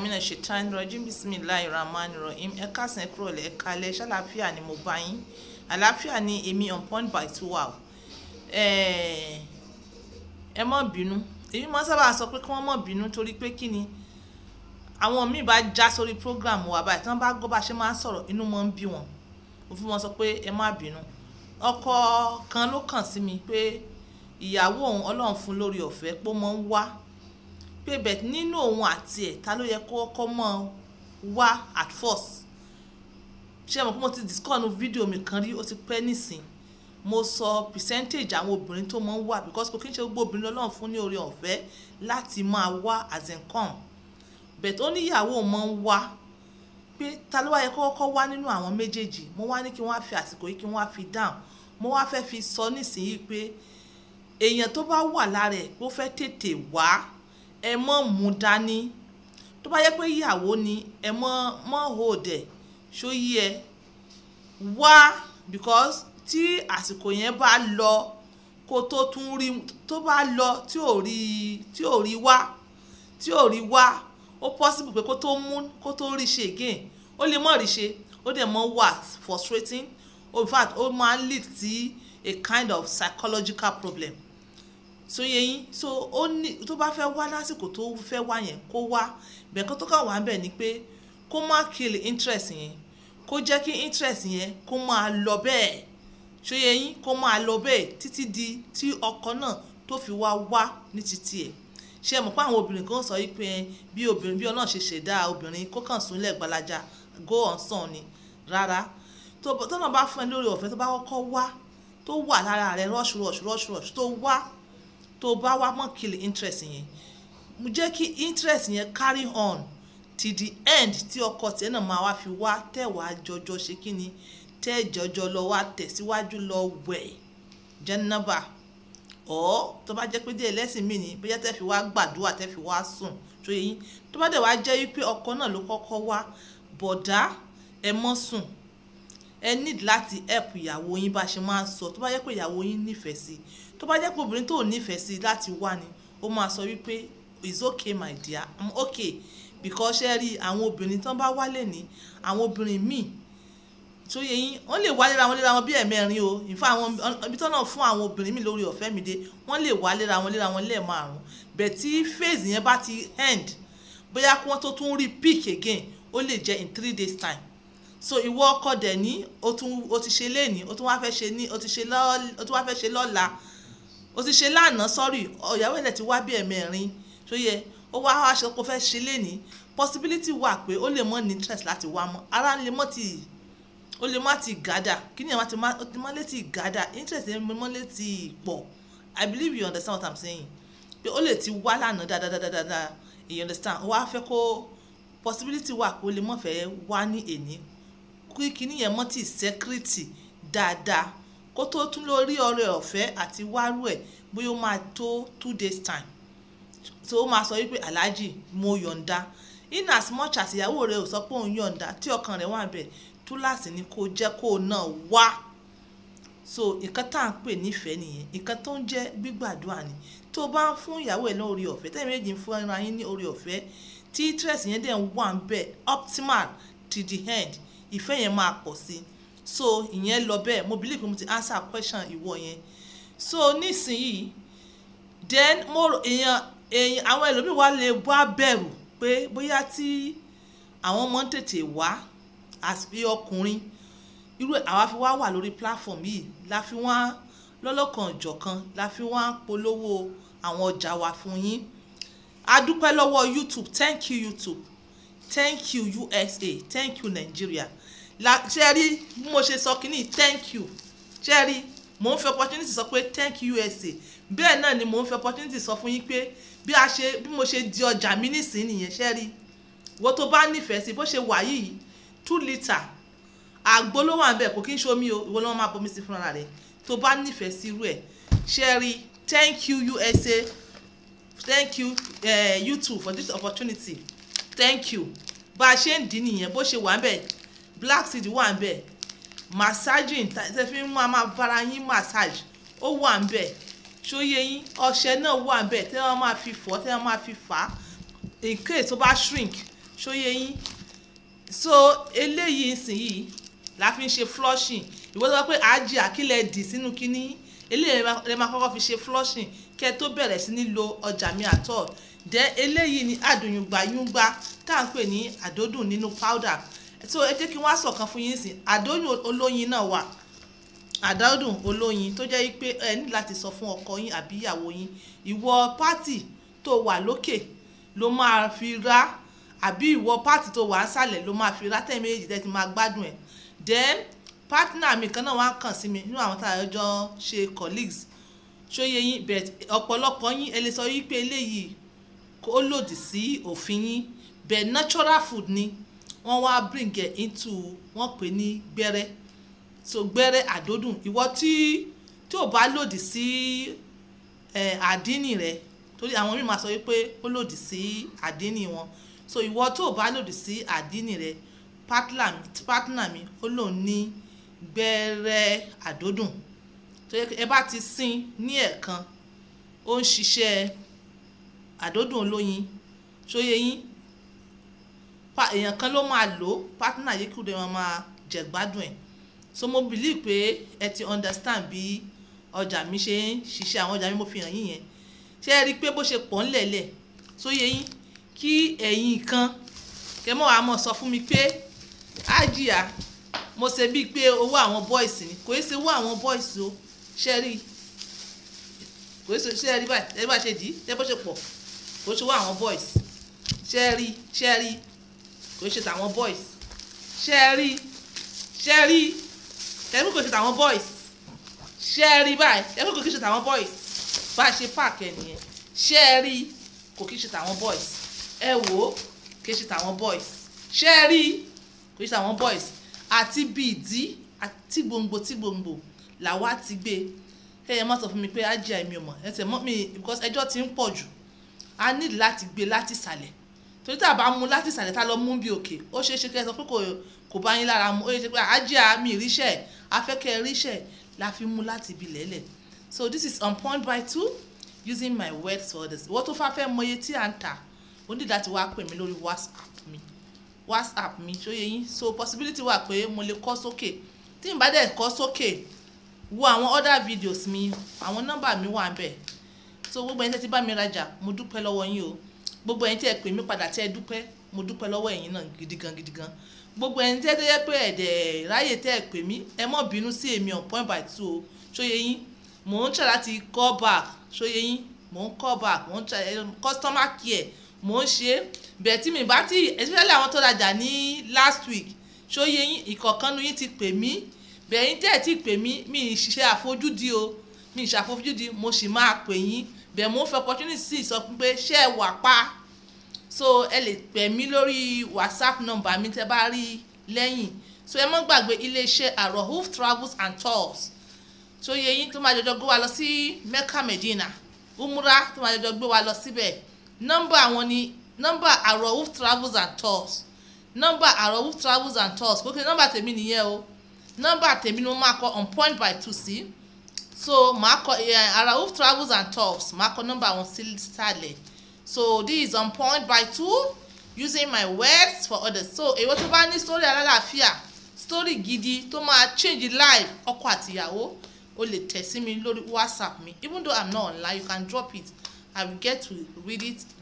mina ṣètàn rọjìn bisimilayi rahman rahim ẹ káàsán kúrò lẹ ẹ kalẹ́ ṣàlàáfíà ni mo bá yín àlàáfíà ni èmi on point by two wow ẹ mọ bínú èmi mọ sábà sọ pé kí wọn mọ bínú torí pé kí ni àwọn míì bá já sórí program wa báyìí tí wọn bá gbọ́ bá ṣe máa ń sọ̀rọ̀ inú mọ ń bí wọn mo fi wọn sọ pé ẹ má bínú ọkọ kan ló kàn sí mi pé ìyàwó òun Ọlọ́run fún lórí ọ̀fẹ́ pé ó mọ ń wá pé bẹ̀t nínú òun àti ẹ̀ ta ló yẹ kó kọ́ mọ́ wá at first ṣé mo kí mo ti discuss fídíò mi kan rí ó ti pẹ́ nísìn mo sọ percentage àwọn obìnrin tó máa ń wá because kò kí n ṣe gbogbo obìnrin lọ́lọ́run fún ní oore ọ̀fẹ́ láti máa wá as in come bẹ̀t ó níyàwó máa ń wá pé ta ló wáyé kọ́kọ́ wá nínú àwọn méjèèjì mo wá ní kí wọ́n á fi àsìkò yìí kí wọ́n á fi dáhùn mo wá fẹ́ fi sọ nísìnyí pé èèyàn tó bá wà lára ẹ̀ pé fẹ́ tètè wá ẹ mọ́ mú dání tó bá yẹ pé ìyàwó ni ẹ mọ́ mọ́ hold ẹ̀ ṣó yí ẹ wá because tí àsìkò yẹn bá lọ kó tó tún rí tó bá lọ tí ò rí tí ò rí wá tí ò rí wá ó possible pé kó tó mú kó tó rí ṣe again ó lè mọ̀ rí ṣe ó dẹ̀ mọ̀ wà frustrating in fact ó máa lead sí a kind of psychological problem so yẹ yín so ó ní tó bá fẹ́ wá lásìkò tó fẹ́ wá yẹn kó wá bẹ́ẹ̀ kó tó kà wá bẹ́ẹ̀ ni pé kó má kill interest yẹn kó jẹ́ kí interest yẹn kó máa lọ bẹ́ẹ̀ so yẹ yín kó máa lọ bẹ́ẹ̀ títí di tí ọkọ náà tó fi wá wá ní títí ẹ̀ ṣe mọ̀ pé àwọn obìnrin kan sọ wípé bí obìnrin bí ọlọ́run ṣe ṣẹ̀dá obìnrin kó kàn súnlẹ̀ gbalaja go on sàn ni rárá tọ́nà bá fún ẹ lórí ọ̀fẹ́ tó bá kọ́kọ́ wá tó wà lára rẹ rush rush rush rush tó wá tó bá wá mọ́ kill interest yẹn mo jẹ́ kí interest yẹn carry on to the end tí ọkọ tẹ̀ náà máa wá fi wá tẹ̀ wá jọjọ ṣe kí ni tẹ́ jọjọ lọ wá tẹ̀síwájú lọ wẹ̀ jẹ́nàbà ọ̀ tó bá jẹ́ pé díẹ̀ lẹ́sìn mi ni bóyá tẹ́ fi wá gbàdúrà tẹ́ fi wá sùn tó yẹ yín tó bá dẹ̀ wá jẹ́ wípé ọkọ náà ló kọ́kọ́ wá bọ̀dá ẹ̀ mọ́ sùn ẹ need láti help ìyàwó yín bá ṣe máa ń sọ tó bá jẹ́ pé ìyàwó yín nífẹ̀ẹ́ sí tó bá jẹ́ pé obìnrin tó nífẹ̀ẹ́ sí láti wá ni ó máa sọ wípé it's okay my dear i'm okay because ṣe rí àwọn obìnrin tán bá wálé ní àwọn obìnrin míì tó yẹ yín wọ́n lè wálé ra wọn léra wọn bí ẹ̀mẹ́rin o ìfọ àwọn ibi tọ́nà fún àwọn obìnrin mi lórí ọ̀fẹ́ mi dé wọ́n lè wálé ra wọn léra wọn lẹ́ẹ̀márùn bẹ̀ tí phase yẹn bá ti end bóyá kí wọ́n tó tún rí peak again ó lè jẹ́ in three days time so ìwọ ọkọ dẹ̀ ní o tún o ti ṣe léèní o tún wá fẹ́ ṣe ní o ti ṣe o tún wá fẹ́ ṣe lọ́la o ti ṣe lánàá sọ́rí ìyàwó ẹ̀ ti wá bí ẹ̀mẹrin tó yẹ ó wá wá ṣe kó fẹ́ ṣe léèní possibility wà pé ó lè mọ ní interest láti wá mọ́ ara lè mọ́ ti ó lè má ti gàdà kí ni àwọn ti má lè ti gàdà interest yẹn mọ́ lè ti pọ̀ i believe you understand what i'm saying pé ó lè ti wá lánàá dáadáa you understand ó wá fẹ́ kó possibility wà pé ó lè mọ̀ fẹ́ wá ní èní kí kinní yẹn mọ́ ti sẹ́kírìtì dáadáa kó tó tún lọ rí ọrẹ ọ̀fẹ́ àti wárú ẹ̀ bóyá ó máa tó two days time so ó máa sọ wípé aláàjì mo yọ̀ǹda in as much as ìyàwó rẹ ò sọ pé òun yọ̀ǹda tí ọkàn rẹ̀ wà bẹ̀ túláàsì ni kó jẹ́ kó náà wá so nǹkan tá à ń pè nífẹ̀ẹ́ nìyẹn nǹkan tó ń jẹ́ gbígbàdúrà ni tó bá ń fún ìyàwó ẹ̀ lórí ọ̀fẹ́ tẹ́lẹ̀ méjì ń fún ara yín ní orí ọ̀fẹ́ tí yẹn dẹ̀ ń wà ń bẹ̀ optimal to the end ìfẹ́ yẹn máa pọ̀ sí so ìyẹn lọ bẹ́ẹ̀ mo believe mo ti answer question ìwọ yẹn so nísìnyìí then mo èèyàn èèyàn àwọn ẹlòmíì wá lè wá bẹ̀rù pé bóyá tí àwọn ọmọ ń tètè wá àti ọkùnrin irú àwa fi wá wà lórí platform yìí la fi wá lọ́lọ́kan ìjọ̀kan la fi wá polówó àwọn ọjà wa fún yín a dúpẹ́ lọ́wọ́ YouTube thank you YouTube thank you USA thank you Nigeria ṣe rí bí mo ṣe sọ kínní thank you ṣe rí mò ń fi opportunity sọ pé thank you USA bẹ́ẹ̀ náà ni mo ń fi opportunity sọ fún yín pé bí a ṣe bí mo ṣe di ọjà mi nísìnyí nìyẹn ṣe rí wo tó bá nífẹ̀ẹ́ sí bó ṣe wà yìí two litre àgbo ló wà ń bẹ̀ kò kí n ṣomi o ìwọ ni wọ́n máa bomi sí fúnra rẹ̀ tó bá nífẹ̀ẹ́ sí irú ẹ̀ ṣe rí thank you USA thank you uh, eh, you too for this opportunity thank you bá a ṣe ń dín nìyẹn bó ṣe wà ń bẹ̀ black seed wà ń bẹ̀ massaging tẹ fi máa máa bára yín massage ó wà ń bẹ̀ ṣóyé yín ọṣẹ náà wà ń bẹ̀ tẹ wọ́n máa fi fọ̀ tẹ wọ́n máa fi fà á in case tó bá shrink ṣóyé yín so eléyìí nsìnyìí la fi ń ṣe flushing ìwé sọ pé àájì àkílẹ̀ dì sínú kínní eléyìí lè máa kọ́kọ́ fi ṣe flushing kẹ́ tó bẹ̀rẹ̀ sí ní lo ọjà mi àtọ̀ dẹ́ eléyìí ni àdùnyùngbà yúngbà tá à ń pè ní àdódùn nínú powder so ẹ jẹ́ kí n wá sọ̀kan fún yín sìn àdóyún olóyin náà wà àdádùn olóyin tó jẹ́ pé ẹ ní láti sọ fún ọkọ yín àbí ìyàwó yín ìwọ pátì tó wà lókè ló máa fi rá àbí ìwọ pátì tó wà nsàlẹ̀ ló máa fi rá tẹ̀mí èjì tẹ́ ti máa gbádùn ẹ̀ then partner mi kan náà wá kàn sí mi nínú àwọn tá a jọ ṣe colleagues ṣóye yín but ọ̀pọ̀lọpọ̀ yín ẹ lè sọ yín pé eléyìí ó lòdì sí òfin yín but natural food ni wọ́n wá bring ẹ̀ into wọ́n pè ní gbẹ́rẹ́ so gbẹ́rẹ́ àdódùn ìwọ tí tí ò bá lòdì sí ẹ̀ àdínì rẹ torí àwọn míì máa sọ wípé ó lòdì sí àdínì wọn so ìwọ tó o bá lòdì sí àdínì rẹ partner mi ó lòun ní gbẹ́rẹ́ àdódùn tó yẹ ẹ bá ti sin ní ẹ̀ẹ̀kan ó ń ṣiṣẹ́ àdódùn olóyin ṣóyeyín èèyàn kan ló máa lò partner yìí kúrò wọn máa jẹ̀gbádùn ẹ̀ so mo believe pé ẹ ti understand bí ọjà mi ṣe ń ṣiṣẹ́ àwọn ọjà mi mo fi hàn yín yẹn ṣé ẹ rí i pé bó ṣe pọ̀ ńlẹ̀lẹ̀ tó yẹ yín kí ẹ̀yin kan kẹ́ mọ́ àmọ́ sọ fún mi pé àjìyà mo ṣe bíi pé owó àwọn boys ni kò í ṣe owó àwọn boys o ṣe rí kò í ṣe ṣe rí báyìí ẹ bá ṣe dì í ṣe bó ṣe pọ̀ kò í ṣe owó àwọn boys ṣe rí ṣe rí kò ṣe tàwọn boys ṣe é rí ṣe é rí tẹ̀mí kò ṣe tàwọn boys ṣe é rí báyìí tẹ̀mí kò kí ṣe tàwọn boys bá a ṣe páàkì ẹ̀ nìyẹn ṣe é rí kò kí ṣe tàwọn boys ẹ wò ó kì ṣe tàwọn boys ṣe é rí kò ṣe tàwọn boys àti bí ìdí àti gbòǹgbò tí gbòǹgbò làwa ti gbé ẹ ẹ má sọ fún mi pé á jẹ àìmí ọmọ ẹ tẹ mọ mi because ẹjọ́ ti ń pọ̀ jù a need láti gbé láti sàlẹ̀ torí tá a bá mú láti ìsàlẹ̀ tá a lọ mú bí òkè ó ṣeé ṣe kẹ́ ẹ sọ pé kò bá yín lára mu ó ṣeé ṣe pé àájẹ́ àmì ìríṣẹ́ afẹ́kẹ́ ìríṣẹ́ la fi mú láti ibi lẹ́lẹ̀ so this is on point by two using my words for this ìwọ́n tó fẹ́ mọ iye tí à ń tà ó ní láti wá pè mí lórí whatsapp mi whatsapp mi ṣóyè yín so possibility wà pé mo lè kọ́ sókè tí n bá dẹ̀ kọ́ sókè wo àwọn other videos mi àwọn nọ́mbà mi wà ń bẹ̀ so gbogbo ẹni tẹ́ ti bá mi rajà mo dúpẹ́ lọ́wọ́ yín o gbogbo ẹ̀yin tí ẹ pè mí padà tí ẹ dúpẹ́ mo dúpẹ́ lọ́wọ́ ẹ̀yin náà gidigan gidigan gbogbo ẹ̀yin tí ẹ tó yẹ pé ẹ̀dẹ̀ ráyè tẹ́ ẹ pè mí ẹ mọ̀ bínú sí èmi on point by two o ṣóye yín mò ń try láti call back ṣóye yín mò ń call back mò ń try customer care mò ń ṣe bẹ́ẹ̀ tí mi bá ti especially àwọn tó rajà ní last week ṣóye yín ìkọ̀kan nu yín ti pè mí bẹ́ẹ̀ yín ẹ ti pè mí mi ì ṣiṣẹ́ àfojúdi o mi ì ṣàfojúdi mo sì máa pè yín bẹ̀ mo fẹ́ opportunity sọ pé ṣé ẹ wà pa so ẹ lè pè mí lórí whatsapp number mi tẹ́ bá rí lẹ́yìn so ẹ mọ́ gbàgbé iléeṣẹ́ Arouf travels and tours tó yẹ yín tó máa jọjọ gbé wa lọ sí Mecca Medina Umura tó máa jọjọ gbé wa lọ síbẹ̀ nọ́mbà àwọn ni nọ́mbà Arouf travels and tours nọ́mbà Arouf travels and tours kókè nọ́mbà tèmi nìyẹn o nọ́mbà tèmi ni mo máa kọ on point by two sí. Si so màá kọ eh, Arauf travels and talks màá kọ one wọn sísàlẹ̀ so this is on point by two using my words for others so èwo tó bá ní story alálàáfíà story gidi tó máa change life ọkọ àtìyàwó o lè tẹ̀ sí mi lórí whatsapp mi even though i'm not online you can drop it i will get to read it